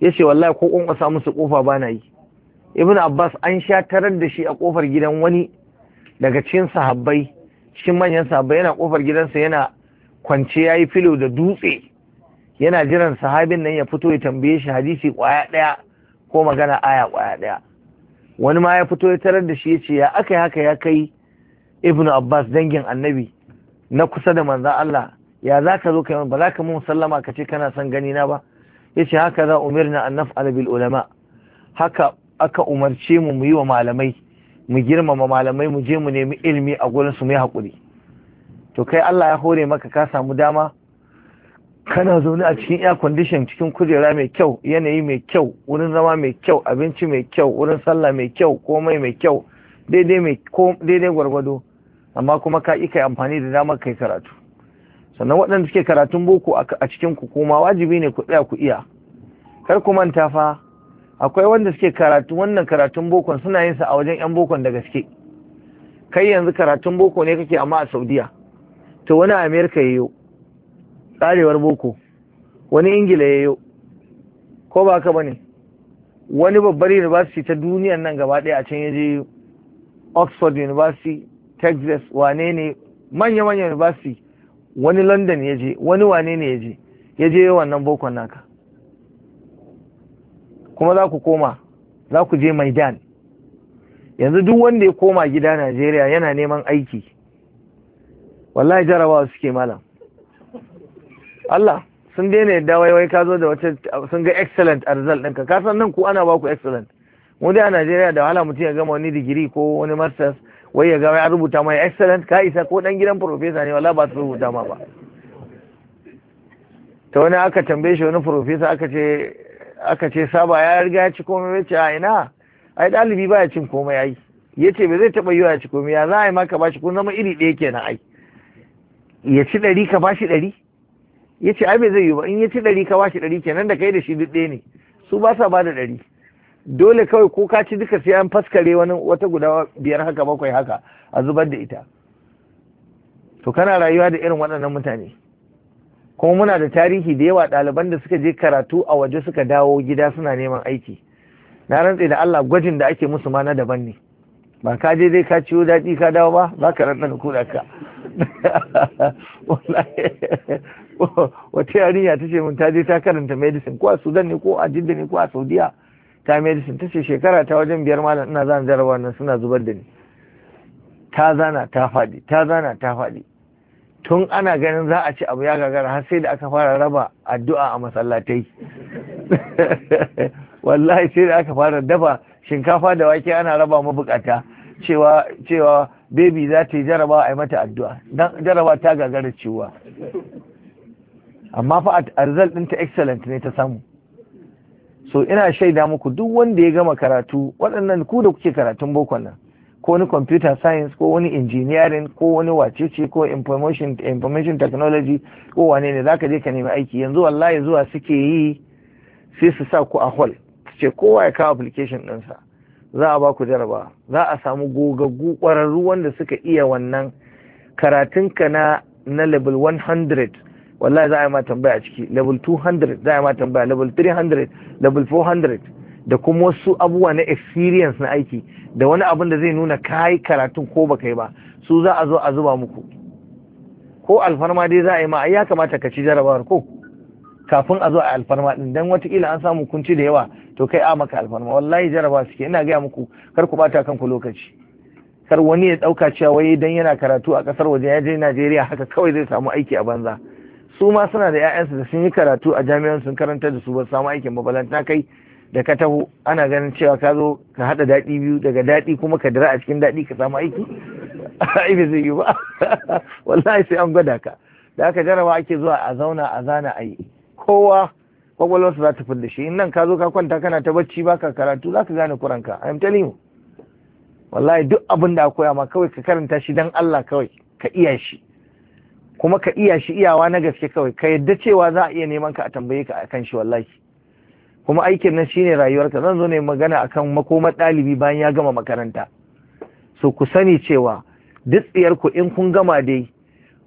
ya ce wallahi ko ƙwanƙwasa musu ƙofa ba na yi ibn abbas an sha tarar da shi a ƙofar gidan wani daga cikin sahabbai cikin manyan sahabbai yana ƙofar gidansa yana kwance ya yi filo da dutse yana jiran sahabin nan ya fito ya tambaye shi hadisi ƙwaya ɗaya ko magana aya ƙwaya ɗaya wani ma ya fito ya tarar da shi ya ce ya aka yi haka ya kai ibn abbas dangin annabi na kusa da manzan allah ya za ka zo ka yi ba za ka mun sallama ka ce kana son gani na ba ya ce haka za umirna an naf'ala bil ulama haka aka umarce mu mu yi wa malamai mu girmama malamai mu je mu nemi ilimi a gurin su mu yi haƙuri to kai Allah ya hore maka ka samu dama kana zaune a cikin air condition cikin kujera mai kyau yanayi mai kyau wurin zama mai kyau abinci mai kyau wurin sallah mai kyau komai mai kyau daidai gwargwado amma kuma ka yi amfani da damar kai karatu sannan waɗanda suke karatun boko a cikin ku kuma wajibi ne ku tsaya ku iya kar ku manta fa akwai wanda suke karatu wannan karatun boko suna yin sa a wajen yan bokon da gaske kai yanzu karatun boko ne kake amma a saudiya to wani amerika yayo tsarewar boko wani ingila yayo ko ba haka bane wani babbar university ta duniyan nan gaba ɗaya a can yaje oxford university texas wane ne manya-manya university wani london ya je wani wane ne ya je ya je wannan bokon naka kuma za ku koma za ku je maidan yanzu duk wanda ya koma gida najeriya yana neman aiki wallahi jarabawa suke malam Allah sun daina yadda wai ka zo da wata sun ga excellent a result ɗinka ka san nan ku ana ba ku excellent mu dai a Najeriya da wahala mutum ya gama wani digiri ko wani masters wai ya gama ya rubuta mai excellent ka isa ko dan gidan profesa ne wala ba su rubuta ma ba ta wani aka tambaye shi wani profesa aka ce aka ce saba ya riga ya ci komai ya ce a ina ai ba ya cin komai ai ya ce ba zai taɓa yiwa ya ci komai ya za a yi ma ka bashi kun zama iri ɗaya kenan ai ya ci ɗari ka bashi ɗari ya ce ai bai zai yi ba in ya ci ɗari ka bashi ɗari kenan da kai da shi duk ɗaya ne su ba sa ba da ɗari dole kawai ko ka ci duka sai an faskare wani wata guda biyar haka bakwai haka a zubar da ita to kana rayuwa da irin waɗannan mutane kuma muna da tarihi da yawa ɗaliban da suka je karatu a waje suka dawo gida suna neman aiki na rantse da Allah gwajin da ake musu ma na daban ne ba ka je dai ka ciwo daɗi ka dawo ba za ka rantsa da kuɗa wata yarinya ta ce mun ta je ta karanta medicine ko a Sudan ne ko a Jidda ne ko a Saudiya ta medicine ta ce shekara ta wajen biyar malam ina zan jarabawa nan suna zubar da ni ta zana ta faɗi ta zana ta faɗi tun ana ganin za a ci abu ya gagara har sai da aka fara raba addu'a a masallatai (laughs) wallahi sai da aka fara dafa shinkafa da wake ana raba mabukata cewa cewa baby za ta yi jaraba a yi mata addu'a dan jaraba ta gagara ciwa amma fa a result ɗinta excellent ne ta samu so ina shaida muku duk wanda ya gama karatu waɗannan ku da kuke karatun boko nan ko wani computer science ko wani engineering ko wani wacece ko information information technology ko wane ne zaka je ka nemi aiki yanzu wallahi zuwa suke yi sai su sa ku a hall su ce kowa ya kawo application ɗinsa za a ba ku jaraba za a samu gogaggu ƙwararru wanda suka iya wannan karatunka na na level 100 wallahi za a yi ma tambaya a ciki level 200 za a yi ma tambaya level 300 level 400 da kuma wasu abubuwa na experience na aiki da wani abin da zai nuna yi karatun ko baka yi ba su za a zo a zuba muku ko alfarma dai za a yi ma ai ya kamata ka ci jarabawar ko kafin a zo a alfarma din dan watakila an samu kunci da yawa to kai a maka alfarma wallahi jaraba suke ina gaya muku kar ku bata kanku lokaci kar wani ya dauka cewa wai dan yana karatu a kasar waje ya je Najeriya haka kawai zai samu aiki a banza su ma suna da 'ya'yansu da sun yi karatu a jami'an sun karanta da su ba samu aikin mabalanta kai da ka taho ana ganin cewa ka zo ka haɗa daɗi biyu daga daɗi kuma ka dira a cikin daɗi ka samu aiki ibi (laughs) zai yi ba (laughs) wallahi sai an gwada ka da aka jarawa ake zuwa a zauna a zana a yi kowa su za ta fidda shi in nan ka zo ka kwanta kana ta bacci ka karatu za ka gane kuranka a yi you wallahi duk abin da a koya ma kawai ka karanta shi don Allah kawai ka iya shi kuma ka iya shi iyawa na gaske kawai ka yadda cewa za a iya neman ka a tambaye ka akan shi wallahi kuma aikin nan shine rayuwarka zan zo ne magana akan makomar ɗalibi bayan ya gama makaranta so ku sani cewa duk ku in kun gama dai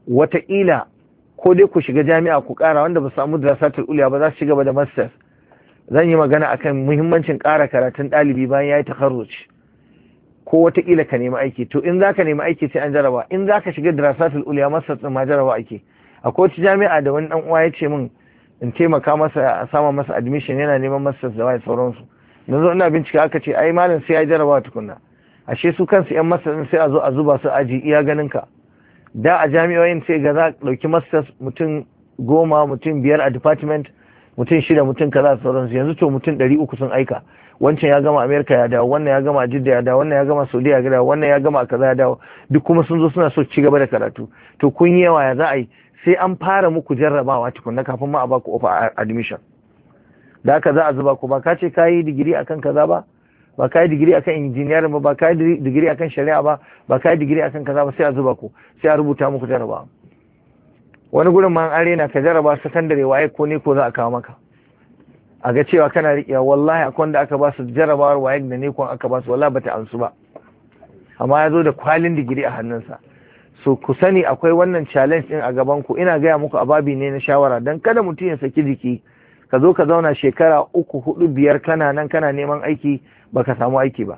wataƙila ko dai ku shiga jami'a ku ƙara wanda ba samu dirasatul uliya ba za su shiga ba da masters zan yi magana akan muhimmancin ƙara karatun ɗalibi bayan ya yi takarruci ko wataƙila ka nemi aiki to in za ka nemi aiki sai an jaraba in za ka shiga dirasatul uliya masar ma jaraba ake akwai wata jami'a da wani dan uwa ya ce min in taimaka masa a sama masa admission yana neman masters da wai sauransu na zo ina bincika aka ce ai malam sai ya jaraba tukunna ashe su kansu yan din sai a zo a zuba su aji iya ganin ka da a jami'o'in sai ga za dauki masters mutum goma mutum biyar a department mutum shida mutum kaza sauransu yanzu to mutum ɗari uku sun aika wancan ya gama amerika ya dawo wannan ya gama jidda ya dawo wannan ya gama saudiya ya dawo wannan ya gama kaza ya dawo duk kuma sun zo suna so ci gaba da karatu to kun yi yawa ya za a yi sai an fara muku jarrabawa tukunna kafin ma a baku offer admission da haka za a zuba ku ba ka ce ka yi digiri akan kaza ba ba ka yi digiri akan injiniyarin ba ba ka yi digiri akan shari'a ba ba ka yi digiri akan kaza ba sai a zuba ku sai a rubuta muku jarrabawa wani gurin ma an arena ka jarraba sakandare waye ko ne ko za a kawo maka a ga cewa kana riƙewa wallahi akwai wanda aka ba su jarabawar wayek da ne kwan aka ba su wallahi bata amsu ba amma ya zo da kwalin digiri a hannunsa so ku sani akwai wannan challenge din a gaban ku ina gaya muku ababi ne na shawara dan kada mutum ya saki jiki ka zo ka zauna shekara uku hudu biyar kana nan kana neman aiki baka samu aiki ba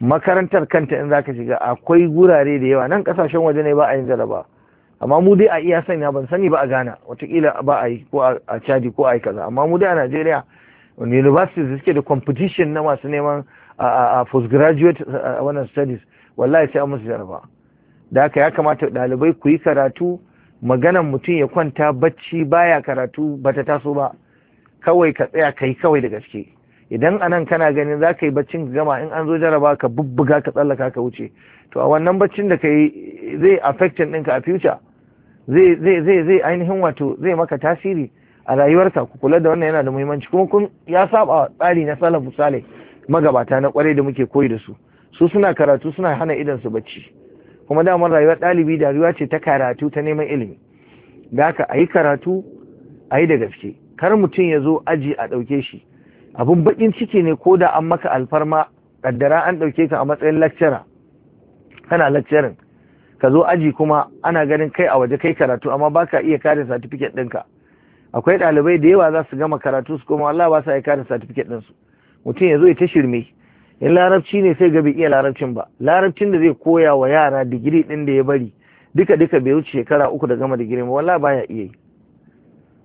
makarantar kanta in zaka shiga akwai gurare da yawa nan kasashen waje ne ba a yin jaraba amma mu dai a iya sanya ban sani ba a Ghana watakila ba a yi ko a Chadi ko a yi kaza amma mu dai a Najeriya universities da suke da competition na masu neman a postgraduate wannan studies wallahi sai an musu jaraba da haka ya kamata ɗalibai ku yi karatu maganan mutum ya kwanta bacci baya karatu bata taso ba kawai ka tsaya kai kawai da gaske idan anan kana ganin za ka yi baccin gama in an zo jaraba ka bubbuga ka tsallaka ka wuce to a wannan baccin da ka yi zai affecting ɗinka a future zai ainihin wato zai maka tasiri a rayuwarka ku kula da wannan yana da muhimmanci kuma kun ya saba tsari na salafu salih magabata na kwarai da muke koyi da su su suna karatu suna hana idan su bacci kuma damar rayuwar ɗalibi da rayuwa ce ta karatu ta neman ilimi da haka a yi karatu a yi da gaske kar mutum ya zo aji a ɗauke shi abin baƙin ciki ne ko da an maka alfarma ƙaddara an ɗauke ka a matsayin lakcara kana lakcarin ka zo aji kuma ana ganin kai a waje kai karatu amma baka iya kare satifiket ɗinka akwai ɗalibai da yawa za su gama karatu su kuma Allah ba sa iya kare satifiket ɗinsu mutum ya zo ya ta shirme in larabci ne sai ga bai iya larabcin ba larabcin da zai koya wa yara digiri ɗin da ya bari duka duka bai wuce shekara uku da gama digiri ba wallahi baya iya yi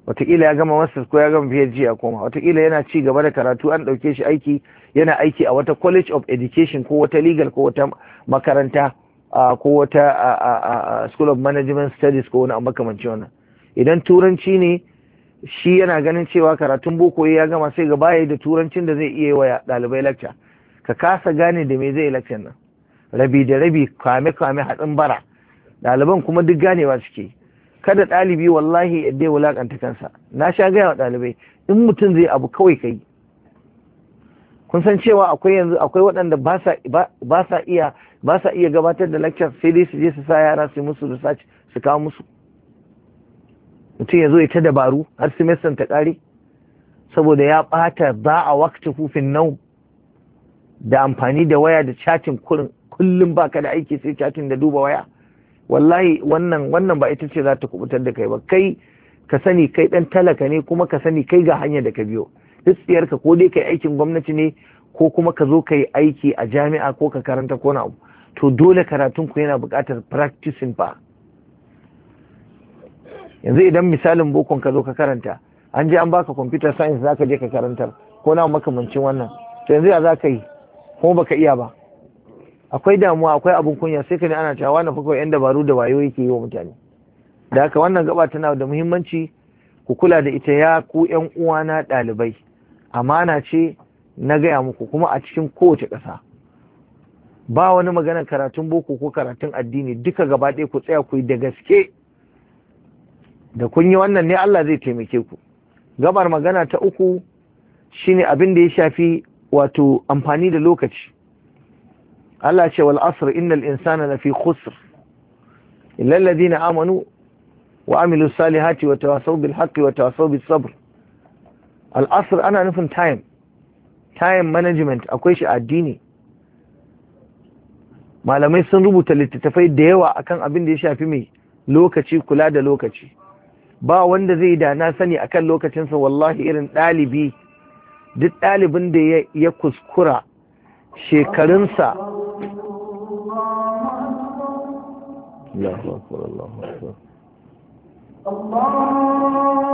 wataƙila ya gama masters ko ya gama PhD a koma wataƙila yana ci gaba da karatu an ɗauke shi aiki yana aiki a wata college of education ko wata legal ko wata makaranta ko wata school of management studies ko wani makamanci wannan idan turanci ne shi yana ganin cewa karatun boko ya gama sai ga baya da turancin da zai iya wa dalibai lecture ka kasa gane da me zai lecture nan rabi da rabi kwame kwame haɗin bara Daliban kuma duk ganewa suke kada ɗalibi wallahi ya dai wulakanta kansa na sha gaya wa dalibai, in mutum zai abu kawai kai kun san cewa akwai yanzu akwai waɗanda ba sa iya ba sa iya gabatar da lecture sai dai su je su sa yara su musu research su kawo musu mutum ya zo ita dabaru har semester ta ƙare saboda ya bata za a wakta hufin nau da amfani da waya da chatin kurin kullum baka da aiki sai chatin da duba waya wallahi wannan wannan ba ita ce za ta kubutar da kai ba kai ka sani kai dan talaka ne kuma ka sani kai ga hanyar da ka biyo dutsiyarka ko dai kai aikin gwamnati ne ko kuma ka zo ka aiki a jami'a ko ka karanta ko na abu to dole karatunku yana buƙatar practicing ba yanzu idan misalin bokon ka zo ka karanta an je an baka computer science za ka je ka karanta, ko na makamancin wannan to yanzu ya za ka yi ba baka iya ba akwai damuwa akwai abin kunya sai ka ne ana cewa wani fakwa yan dabaru da wayo yake yi wa mutane da haka wannan gaba tana da muhimmanci ku kula da ita ya ku yan uwana ɗalibai amana ce na gaya muku kuma a cikin kowace ƙasa ba wani maganar karatun boko ko karatun addini duka gaba ɗaya ku tsaya ku yi da gaske da kun yi wannan ne Allah zai taimake ku gabar magana ta uku shine abin da ya shafi wato amfani da lokaci Allah ce wal asr innal insana lafi khusr illal ladina amanu wa amilu salihati wa tawasaw bil haqqi wa tawasaw bis sabr al asr ana nufin time time management akwai shi addini malamai sun rubuta littattafai da yawa akan abin da ya shafi mai lokaci kula da lokaci ba wanda zai da na sani akan lokacinsa wallahi irin ɗalibi duk ɗalibin da ya kuskura shekarunsa Allah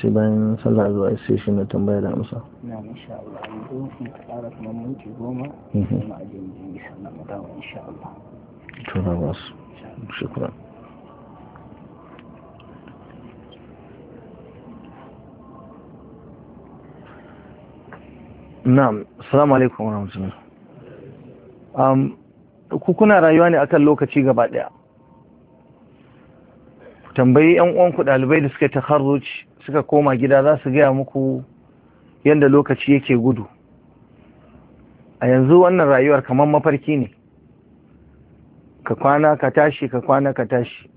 sai bayan sallah zuwa sai shi na tambaya da amsa na mhm. insha Allah goma kuma a jin sannan mu dawo Allah wasu shukran na'am assalamu alaikum wa rahmatullah um ku kuna rayuwa ne akan lokaci gaba daya tambayi yan uwanku ɗalibai da suka taharruci suka koma gida za su gaya muku yadda lokaci yake gudu a yanzu wannan rayuwar kamar mafarki ne ka kwana ka tashi ka kwana ka tashi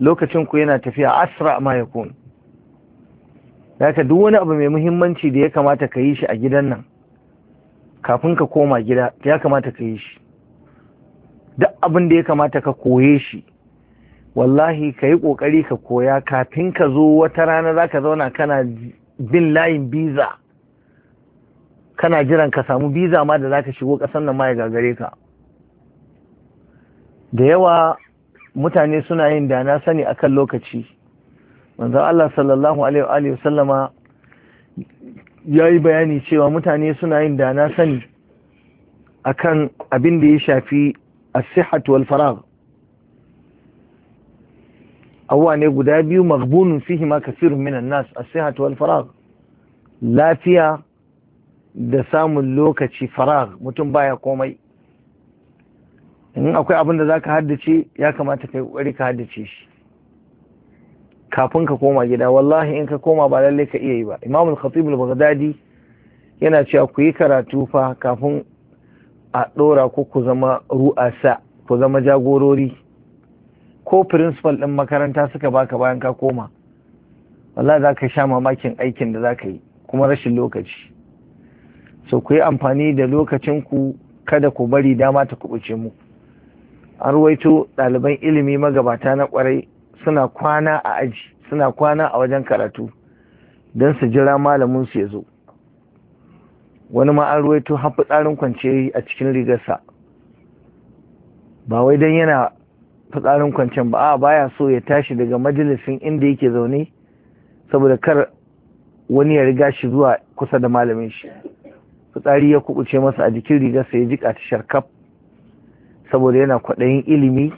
lokacin ku yana tafiya asra ma ya kun ka duk wani abu mai muhimmanci da ya kamata ka yi shi a gidan nan kafin ka koma gida ya kamata ka yi shi duk abin da ya kamata ka koye shi wallahi ka yi ƙoƙari ka koya kafin ka zo wata rana za ka zauna kana bin layin biza kana jiran ka samu biza ma da za ka shigo ƙasar nan ma ya gagare ka da yawa mutane suna yin da na sani akan lokaci manzon Allah sallallahu alaihi Wasallama ya yi bayani cewa mutane suna yin da na sani akan abin da ya shafi a sihhat wal abuwa ne guda biyu magbunun fihi ma kafirun minan nas a sai wal farag? lafiya da samun lokaci farag mutum baya komai in akwai abin da za ka haddace ya kamata ka yi kokari ka haddace shi kafin ka koma gida wallahi in ka koma ba lalle ka iya yi ba imamul khatibul baghdadi yana cewa ku yi karatu fa kafin a dora ku ku zama ru'asa ku zama jagorori ko firinsifal ɗin makaranta suka baka bayan ka koma wallahi za ka sha mamakin aikin da za ka yi kuma rashin lokaci so ku yi amfani da lokacinku kada ku bari dama ta kubuce mu an ruwaito ɗaliban ilimi magabata na ƙwarai suna kwana a aji suna kwana a wajen karatu don su jira malamin su ya zo wani ma an ruwaito hafi tsarin kwanciyar a cikin rigarsa ba wai don yana fitsarin kwancen ba a baya so ya tashi daga majalisin inda yake zaune saboda kar wani ya riga shi zuwa kusa da malamin shi fitsari ya kubuce masa a jikin rigarsa ya jika ta sharkaf saboda yana kwaɗayin ilimi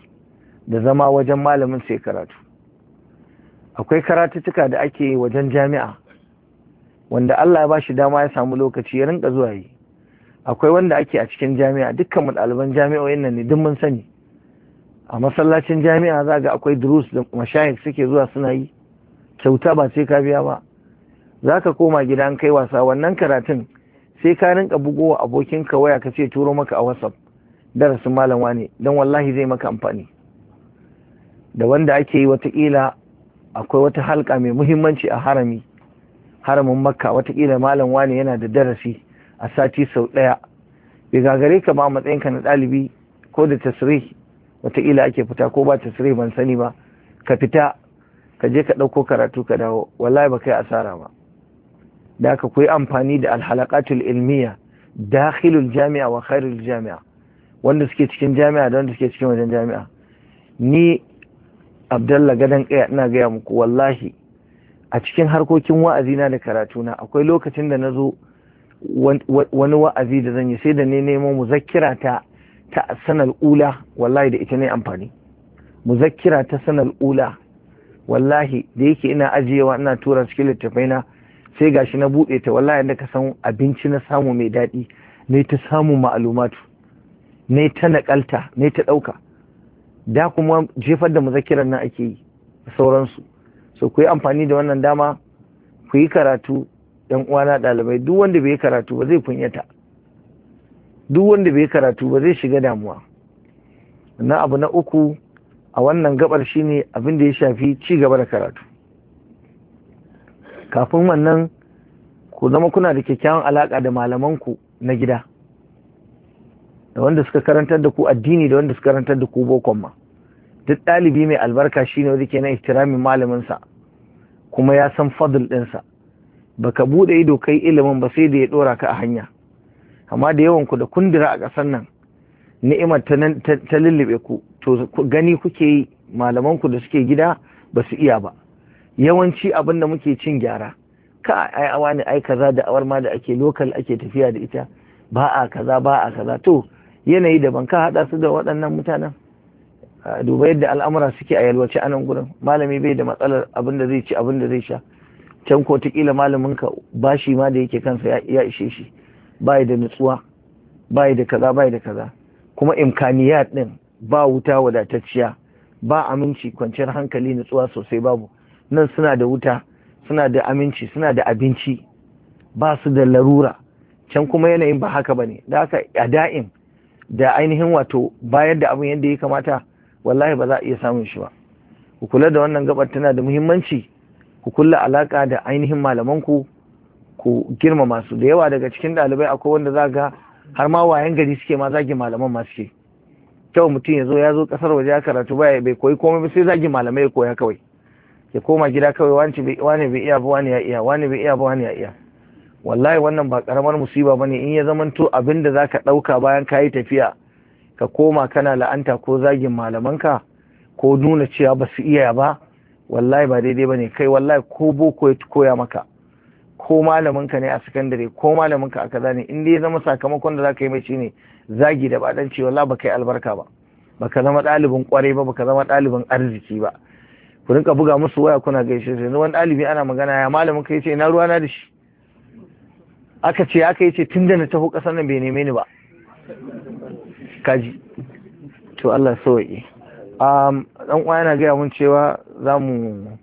da zama wajen malamin sai karatu akwai karatuttuka da ake yi wajen jami'a wanda Allah ya ba shi dama ya samu lokaci ya rinka zuwa yi akwai wanda ake a cikin jami'a dukkan mu ɗaliban jami'o'in nan ne duk mun sani a masallacin jami'a za ga akwai durus da mashayik suke zuwa suna yi kyauta ba sai ka biya ba za ka koma gida kai wasa wannan karatun sai ka rinka bugowa abokinka waya ka ce turo maka a whatsapp darasin malam wane don wallahi zai maka amfani da wanda ake yi watakila akwai wata halka mai muhimmanci a harami haramin makka watakila malam wane yana da darasi a sati sau ɗaya bai gagare ka ba matsayinka na ɗalibi ko da tasiri wataƙila ake fita ko ba ta sirri ban sani ba ka fita ka je ka ɗauko karatu ka dawo wallahi ba kai asara ba da ka koyi amfani da alhalaqatul ilmiya dakhilul jami'a wa khairul jami'a wanda suke cikin jami'a da wanda suke cikin wajen jami'a ni abdallah gadan kaya ina gaya muku wallahi a cikin harkokin wa'azi na da karatuna akwai lokacin da nazo wani wa'azi da zan yi sai da ne neman muzakkira ta ta sanar ula wallahi da ita ne amfani muzakkira ta sanar ula wallahi da yake ina ajiyewa ina tura cikin littafai na sai gashi na buɗe ta wallahi da ka san abinci na samu mai daɗi ne ta samu ma'alumatu ne ta naƙalta ne ta ɗauka da kuma jefar da muzakkirar na ake yi sauransu so ku yi amfani da wannan dama ku yi karatu ɗan uwana ɗalibai duk wanda bai yi karatu ba zai kunyata duk wanda bai karatu ba zai shiga damuwa na abu na uku a wannan gabar shine abin da ya shafi ci gaba da karatu kafin wannan ku zama kuna da kyakkyawan alaka da malamanku na gida da wanda suka karantar da ku addini da wanda suka karantar da ku bokon ma duk ɗalibi mai albarka shine wanda ke na ihtiramin malaminsa kuma ya san fadl ɗinsa baka buɗe ido kai ilimin ba sai da ya ɗora ka a hanya amma da yawan ku da kundira a ƙasar nan ni'imar ta lullube ku to gani kuke yi malaman ku da suke gida ba su iya ba yawanci abin da muke cin gyara ka ai awa ne ai kaza da awar ma da ake lokal ake tafiya da ita ba a kaza ba a kaza to yanayi daban ka hada su da waɗannan mutanen duba yadda al'amura suke a yalwace a nan gurin malami bai da matsalar abin da zai ci abin da zai sha can ko kila malamin ka bashi ma da yake kansa ya ishe shi bai da nutsuwa bai da kaza bai da kaza kuma imkaniyat din ba wuta wadatacciya ba aminci kwanciyar hankali nutsuwa sosai babu nan suna da wuta suna da aminci suna da abinci ba su da larura can kuma yanayin ba haka bane da haka a da'in da ainihin wato bayar da abin yadda ya kamata wallahi ba za a iya samun shi ba ku kula da wannan gabar tana da muhimmanci ku kula alaka da ainihin malamanku ku girmama su da yawa daga cikin ɗalibai akwai wanda za ga har ma wayan gari suke ma zagi malaman masu suke kyau mutum ya zo ya zo kasar waje ya karatu baya bai koyi komai ba sai zagi malamai ya koya kawai ya koma gida kawai wani bai iya ba wani ya iya wani bai iya ba wani ya iya wallahi wannan ba karamar musiba bane in ya zamanto abin da zaka ɗauka bayan kayi tafiya ka koma kana la'anta ko zagin malamanka ko nuna cewa ba su iya ba wallahi ba daidai bane kai wallahi ko boko ya koya maka ko malaminka ne a sakandare ko malaminka a kaza ne in dai zama sakamakon da zaka yi mai shine zagi da badan ce wallahi baka yi albarka ba baka zama ɗalibin kwarai ba baka zama ɗalibin arziki ba ku rinka buga musu waya kuna gaishe su wani ɗalibi ana magana ya malamin ka yace ina na da shi aka ce aka yace tun da na taho kasar nan bai neme ni ba kaji to Allah sauki um dan uwa yana gaya mun cewa zamu.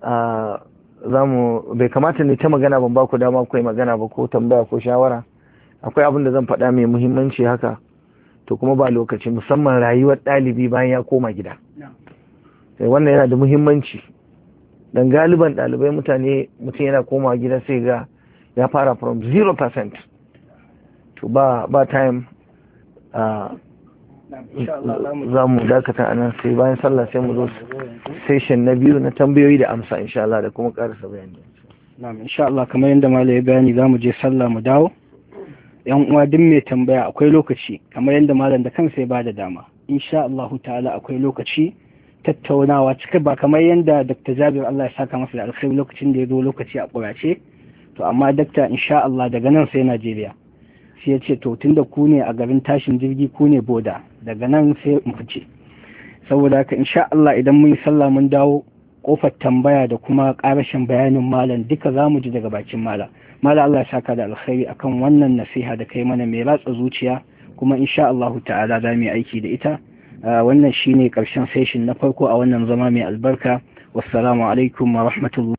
Ah, zamu bai kamata ne ta magana ban ba ku dama ku magana ba ko tambaya ko shawara akwai abin da zan faɗa mai muhimmanci haka to kuma ba lokaci musamman rayuwar ɗalibi bayan ya koma gida sai eh, wannan yana da muhimmanci dan galiban ɗalibai mutane mutum yana koma gida sai ga ya fara from 0% to ba time ah, za mu dakata a nan sai bayan sallah sai mu zo session na biyu na tambayoyi da amsa insha Allah da kuma karasa bayani na'am insha Allah kamar yadda malai ya bayani za mu je sallah mu dawo yan uwa duk mai tambaya akwai lokaci kamar yadda malam da kansa ya bada dama insha Allah ta'ala akwai lokaci tattaunawa cika ba kamar yadda Dr. Jabir Allah ya saka masa da alkhairi lokacin da ya zo lokaci a ƙurace to amma dakta insha Allah daga nan sai Najeriya sai ya ce to tunda ku ne a garin tashin jirgi ku ne boda daga nan sai mu saboda haka insha Allah idan mun yi sallah mun dawo kofar tambaya da kuma karashin bayanin malam duka za mu ji daga bakin malam malam Allah ya saka da alkhairi akan wannan nasiha da kai mana mai ratsa zuciya kuma insha Allah ta'ala za mu yi aiki da ita wannan shine karshen session na farko a wannan zama mai albarka wassalamu alaikum wa rahmatullahi